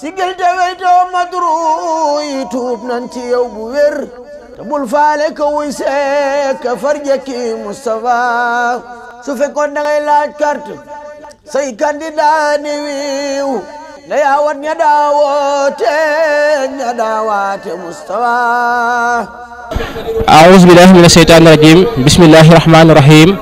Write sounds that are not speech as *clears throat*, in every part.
sigil te weytoo madru yi nanti yow bu wer te bul faale ka wuy see ka farje ki Moustapha su fekkoon da ngay laaj carte say candidat ni wiiw na yaawat nya daawoote ña daawaate mustafa aouzu billahi minash sheytaani rajim bismillahir rahmanir rahim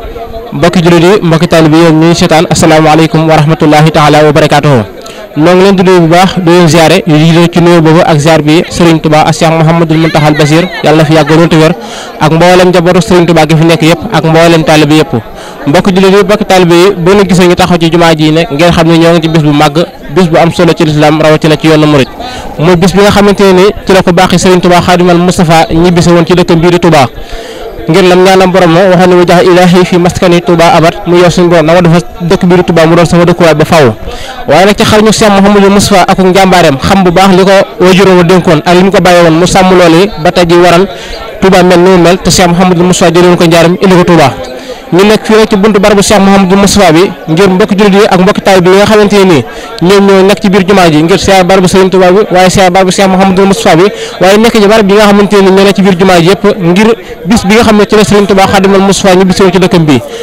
mbokki jullit yi mbokki taalibe yi ñu seetaan asalaamaaleykum wa rahmatullahi taala wa noo ngi leen di nuyu bu baax di leen ziare yu jiital ci nuyu boobu ak ziar bi Serigne Touba ak Cheikh Mouhamadul Mountakha Bassir yàlla na fi yàgg lool te wér ak mboolem njabootu Serigne Touba gi fi nekk yëpp ak mboolem taalibe yëpp mbokk jullit yi mbokk taalibe yi boo leen gisee ñu taxaw ci jumaa ji ne ngeen xam ne ñoo ngi ci bis bu màgg bis bu am solo ci lislaam rawatina ci yoonu murit mooy bis bi nga xamante ne ci la ko baaxee Serigne Touba Xaadimal Moustapha ñibbise woon ci dëkk bii di Touba ngir lam ñaanam borom ma waxal ne wa jax ilaahi fi maskani Touba abat mu yor suñu borom na ma dafa dëkk biir Touba mu doon sama dëkkuwaay ba faaw waaye nag ci xar ñu Cheikh Mouhamadou Moustapha ak njàmbaareem xam bu baax li ko wajuróom a dénkoon ak li mu ko bàyyi woon mu sàmm loolu ba tey ji waral Touba mel ni mu mel te Cheikh Mouhamadou Moustapha jëlee ko njaaram indi ko Touba ñu nekk fii rek ci buntu barabu Cheikh Mouhamadou Moustapha bi ngir mbokki jullit yi ak mbokki taalibe bi nga xamante ne nii ñoom ñoo nekk ci biir jumaa ji ngir siyaar barabu Serigne Touba bi bi waaye nekk ci barab bi nga xamante ne nii ñoo nekk ci biir jumaa ji yëpp ngir bis bi nga xam ne ci la Serigne Touba Xaadimal Moustapha ñu bisewu ci dëkkam bi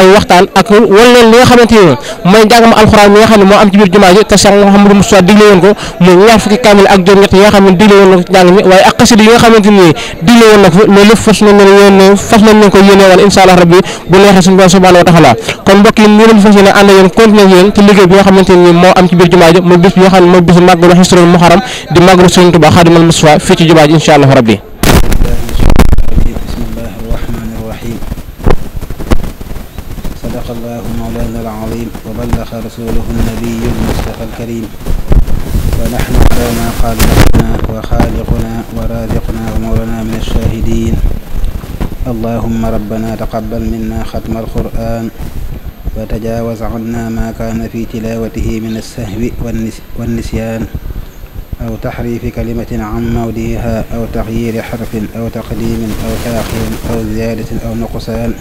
ay waxtaan ak wan leen li nga xamante ni mooy njàngam alxuraan mi nga xam ne moo am ci biir jumaa ji te Cheikh Mouhamadou Moussa digle woon ko muy ñaar fukki kaamil ak juróom ñett yi nga xam ne digle woon na ko ci njàng mi waaye ak xasida yi nga xamante ni digle woon na ko loolu lépp fas nañ leen yéene fas nañ leen ko yéene wala incha allah rabbi bu neexee suñu borom subhanahu wa taala kon mbokk yi ñu leen fas yéene ànd yéen continuer yéen ci liggéey bi nga xamante ni moo am ci biir jumaa ji muy bis bi nga xam ne mooy bisu màggalu Hisrul Muharram di màggalu Sëriñ Tuubaa Xaadimal Mustafaa fii ci jumaa ji incha allah rabbi ورسوله النبي المصطفى الكريم ونحن على ما قال ربنا وخالقنا ورازقنا ومولانا من الشاهدين اللهم ربنا تقبل منا ختم القرآن وتجاوز عنا ما كان في تلاوته من السهو والنسيان أو تحريف كلمة عن موديها أو تغيير حرف أو تقديم أو تأخير أو زيادة أو نقصان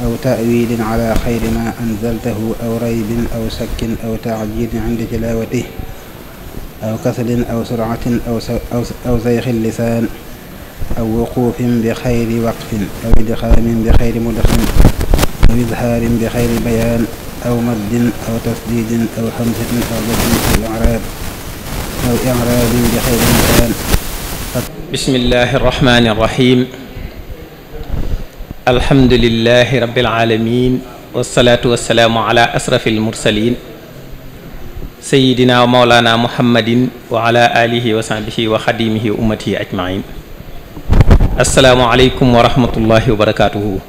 أو تأويل على خير ما أنزلته أو ريب أو شك أو تعجيل عند تلاوته أو كسل أو سرعة أو, أو, أو زيخ اللسان أو وقوف بخير وقف أو إدخام بخير مدخن أو إظهار بخير بيان أو مد أو تسديد أو حمزة أو ضد أو إعراب أو إعراب بخير مكان بسم الله الرحمن الرحيم alhamdulilahi rabbil alamin wasalaatu wasalaamu ala asrafil mursalin sayidina wa maulana muhammadin wa ala alihi wa sahbihi wa xadimihi wa ummatihi ajmain asalaamualeykum wa rahmatullahi wa barakatuhu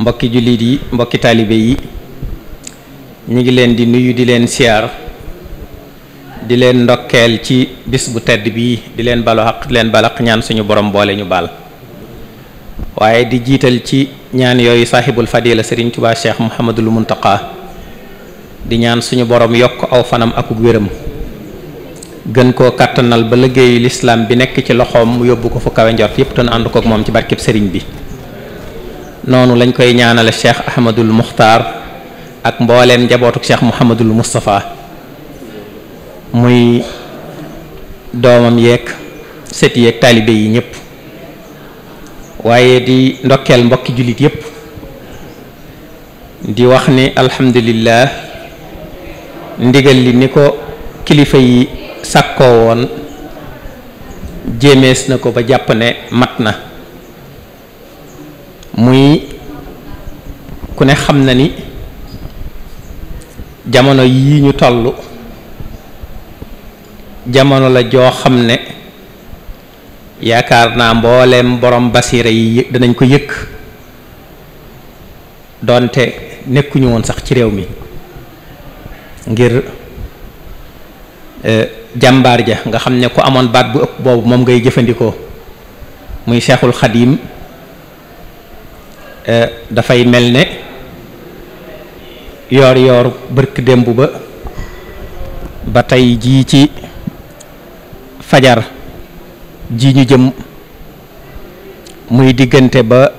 mbokki jullit yi mbokki taalibe yi ñu ngi leen di nuyu di leen siyaar di leen ndokkeel ci bis bu tedd bii di leen balu xaq di leen balaq ñaan suñu borom boole ñu baal waye di jital ci ñaan yooyu sahibul fadila serigne touba cheikh muhammadul muntaqa di ñaan suñu borom yokk aw fanam ak wéram gën ko katanal ba liggéeyu l'islam bi nek ci loxom mu yobbu ko fu kawe ndort yépp tan and ko ak mom ci serigne bi nonu lañ koy ñaanale cheikh ahmadul Muhtar ak mbooleem njabootuk cheikh muhammadul mustafa muy domam yek sët yeeg waaye di ndokkeel mbokki jullit yépp di wax ni alhamdulillah ndigal li ni ko kilifa yi sàkkoo woon jéemees na ko ba jàpp ne mat na muy ku ne xam na ni jamono yii ñu toll jamono la joo xam ne yaakaar naa mbooleem borom basiira yi danañ ko yëkk doonte nekkuñu woon sax ci réew mi ngir eh, jàmbaar ja nga xam ne ku amoon baat bu ëpp boobu moom ngay jëfandikoo muy seexul xadiim eh, dafay mel ne yoor yoor bërk démb ba ba tey jii ci fajar ji ñu jëm muy diggante ba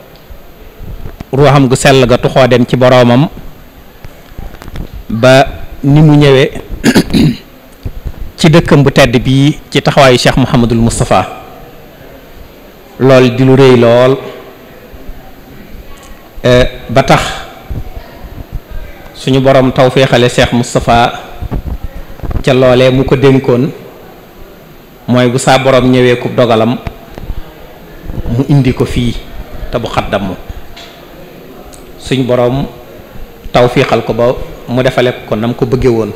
ruuxam gu sell ga tuxoo dem ci boroomam ba ni mu ñëwee *clears throat* ci dëkkam bu tedd bii ci taxawaayu Cheikh Mouhamadul mustafaa lool di lu rëy lool euh, ba tax suñu boroom taw féexale Cheikh Moustapha ca loolee mu ko dénkoon moy bu sa borom ñewé ku dogalam mu indi ko fi ta bu xat suñ borom tawfiqal ko ba mu defale ko nam ko bëgge won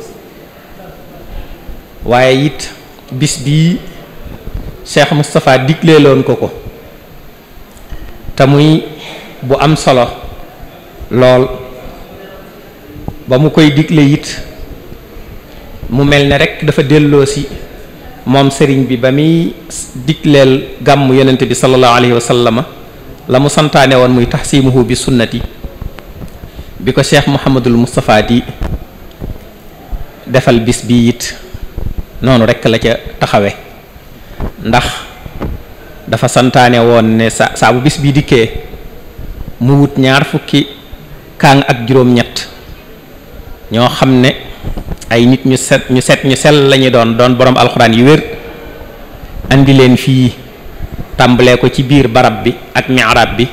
waye it bis bi cheikh diklé lon ko ko ta muy bu am solo lol ba mu koy diklé it mu melne rek dafa delo si mom sering bi bami diklel gam gàmm yonent bi sallallahu Alaihi Wasallam sallama la mu santaane woon muy tahsimuhu bi sunnati biko cheikh Mouhamadul mustafa di defal bis bi it nonu takahwe. la ca taxawé ndax dafa santane won ne sa bu bis bi diké mu wut ñaar fukki kang ak juroom ñett ño ay nit ñu set ñu set ñu sel lañu doon doon borom alquran yu wër andi leen fi tambalé ko ci biir barab bi ak mi'rab bi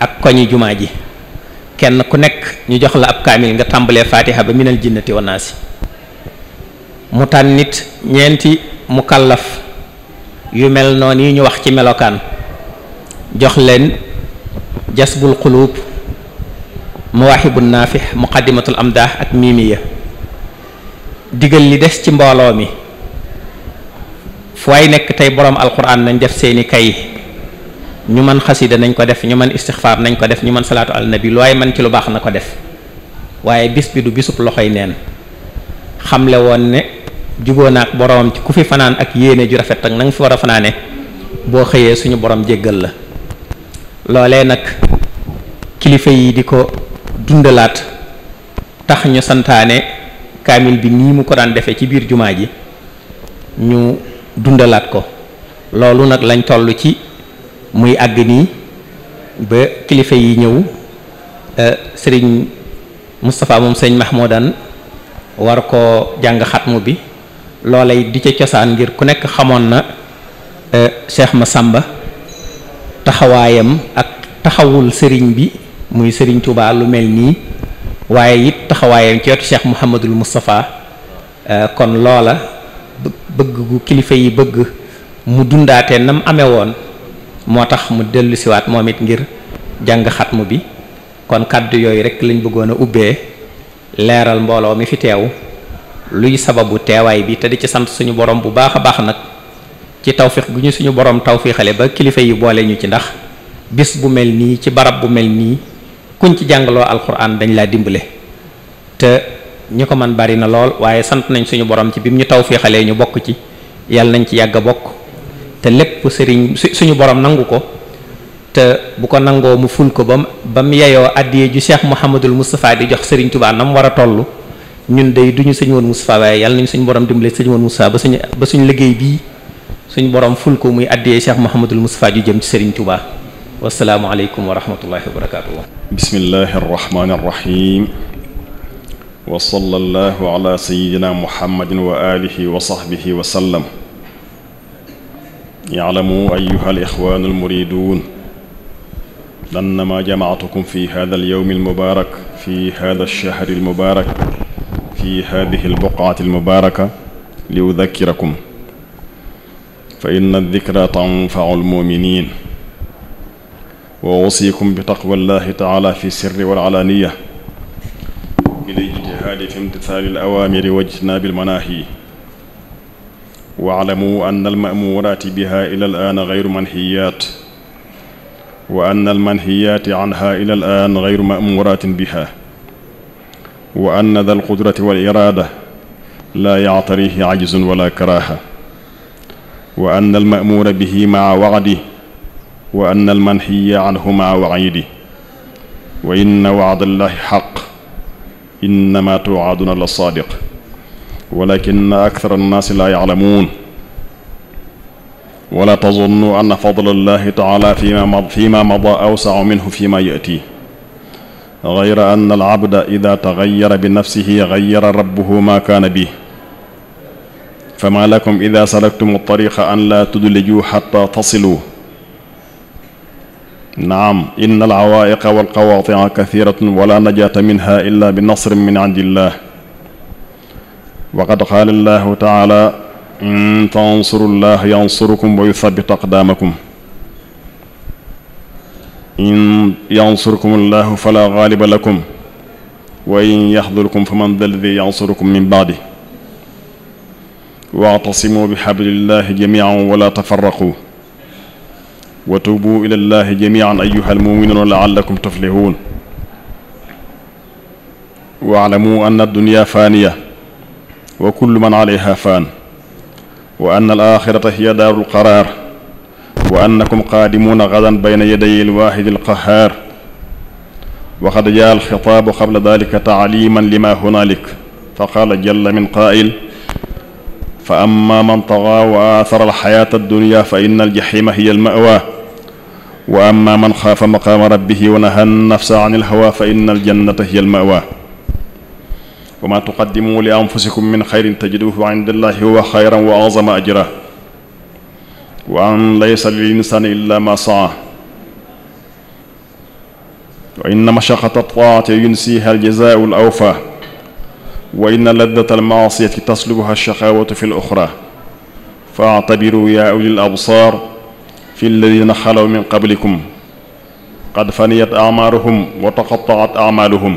ak koñu jumaaji kenn ku nekk ñu jox la ab kamil nga tambalé fatiha ba minal jinnati wan nasi mu tan nit ñenti mukallaf yu mel noonu yi ñu wax ci melokan jox leen jasbul qulub muwahibun nafih muqaddimatul amdah ak mimiyah digal li dess ci mbolo mi fu waay nekk tey borom alquran nañ def seeni kay ñu man xasida nañ ko def ñu man istighfar nañ ko def ñu man salatu al nabi loy man ci lu bax na ko def waye bis bi du bisup loxay neen xamle won ne juboo naak borom ci ku fi fanan ak yene ju rafet ak nang fi wara fanane bo xeye suñu borom jéggal la lolé nak kilifa yi diko ko tax ñu santane kamil bi ni mu ko daan nyu ci bir jumaa ji ñu dundalat ko loolu nak lañ tollu ci muy ag ni ba kilifa yi euh serigne mustapha mom serigne mahmoudan war ko jang khatmu bi lolay di ci ciosan ngir ku nek xamoon na e, cheikh masamba taxawayam ak taxawul serigne bi muy serigne touba lu melni waye it taxawayam ci wetu cheikh mouhamadul moustapha euh, kon lola bëgg gu kilifa yi bëgg mu dundate nam amee woon moo mu delu ci wat momit ngir jang khatmu bi kon kaddu yoy rek lañ bëggoon ubbé léral mbolo mi fi teew luy sababu teewaay bi te di ci sant suñu borom bu baaxa a baax nag ci tawfiq gu ñu suñu borom tawfiixale ba kilifa yi boole ñu ci ndax bis bu melni cibara ci barab bu melni kuñ ci jàngaloo alxuraan dañ laa dimbale te ñi ko man bari na lool waaye sant nañ suñu borom ci bi mu ñu taw tawféexalee ñu bokk ci yàlla nañ ci yàgg a bokk te lépp sëriñ suñu borom nangu ko te bu ko nangoo mu ful ko ba ba mu yeyoo addiyee ju Cheikh Mouhamadul mustafaa di jox sëriñ Touba na mu war a toll ñun day du ñu sëñ woon Moustapha waaye yàlla nañ suñu borom dimbale sëñ woon Moustapha ba suñu ba suñu liggéey bii suñu borom ful ko muy addiyee Cheikh Mouhamadul Moustapha ju jëm ci sëriñ Touba. والسلام عليكم ورحمة الله وبركاته بسم الله الرحمن الرحيم وصلى الله على سيدنا محمد وآله وصحبه وسلم يعلموا أيها الإخوان المريدون لأنما جمعتكم في هذا اليوم المبارك في هذا الشهر المبارك في هذه البقعة المباركة لأذكركم فإن الذكرى تنفع المؤمنين وأوصيكم بتقوى الله تعالى في السر والعلانية بالاجتهاد في امتثال الأوامر واجتناب المناهي واعلموا أن المأمورات بها إلى الآن غير منهيات وأن المنهيات عنها إلى الآن غير مأمورات بها وأن ذا القدرة والإرادة لا يعتريه عجز ولا كراهة وأن المأمور به مع وعده وأن المنحي عنه مع وعيده وإن وعد الله حق إنما توعدنا لصادق ولكن أكثر الناس لا يعلمون ولا تظنوا أن فضل الله تعالى فيما مضى, فيما مضى أوسع منه فيما يأتي غير أن العبد إذا تغير بنفسه غير ربه ما كان به فما لكم إذا سلكتم الطريق أن لا تدلجوا حتى تصلوا نعم إن العوائق والقواطع كثيرة ولا نجاة منها إلا بنصر من عند الله وقد قال الله تعالى إن تنصروا الله ينصركم ويثبت أقدامكم إن ينصركم الله فلا غالب لكم وإن يحضركم فمن ذا الذي ينصركم من بعده واعتصموا بحبل الله جميعا ولا تفرقوا وتوبوا إلى الله جميعا أيها المؤمنون لعلكم تفلحون واعلموا أن الدنيا فانية وكل من عليها فان وأن الآخرة هي دار القرار وأنكم قادمون غدا بين يدي الواحد القهار وقد جاء الخطاب قبل ذلك تعليما لما هنالك فقال جل من قائل فأما من طغى وآثر الحياة الدنيا فإن الجحيم هي المأوى واما من خاف مقام ربه ونهى النفس عن الهوى فان الجنه هي الماوى وما تقدموا لانفسكم من خير تجدوه عند الله هو خيرا واعظم اجرا وان ليس للانسان الا ما سعى وان مشقه الطاعه ينسيها الجزاء الاوفى وان لذه المعصيه تسلبها الشقاوه في الاخرى فاعتبروا يا اولي الابصار في الذين خلوا من قبلكم قد فنيت أعمارهم وتقطعت أعمالهم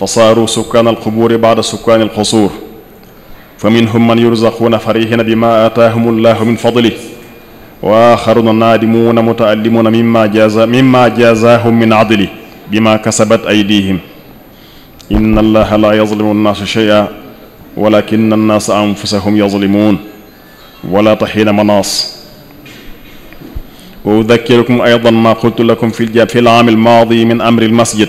فصاروا سكان القبور بعد سكان القصور فمنهم من يرزقون فريهن بما آتاهم الله من فضله وآخرون نادمون متألمون مما, جازا مما جازاهم من عدله بما كسبت أيديهم إن الله لا يظلم الناس شيئا ولكن الناس أنفسهم يظلمون ولا تحين مناص وأذكركم أيضا ما قلت لكم في في العام الماضي من أمر المسجد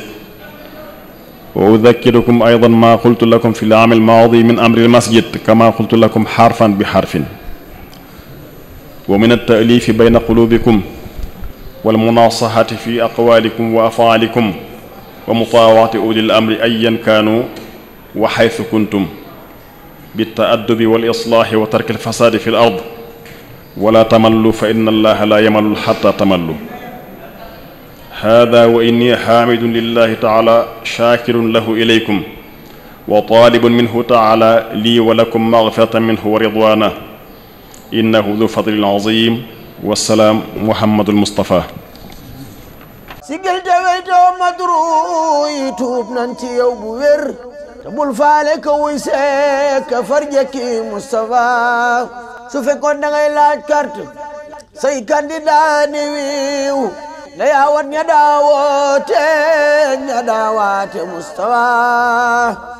وأذكركم أيضا ما قلت لكم في العام الماضي من أمر المسجد كما قلت لكم حرفا بحرف ومن التأليف بين قلوبكم والمناصحة في أقوالكم وأفعالكم ومطاوعة أولي الأمر أيا كانوا وحيث كنتم بالتأدب والإصلاح وترك الفساد في الأرض ولا تملوا فإن الله لا يمل حتى تملوا هذا وإني حامد لله تعالى شاكر له إليكم وطالب منه تعالى لي ولكم مغفرة منه ورضوانه إنه ذو فضل عظيم والسلام محمد المصطفى سجل te weytoo madru yi tuub يا ci yow bu wér te bul su fekkoon da laaj carte say candidat ni wiiw na yaawat ña daawoote ña daawaate Moustapha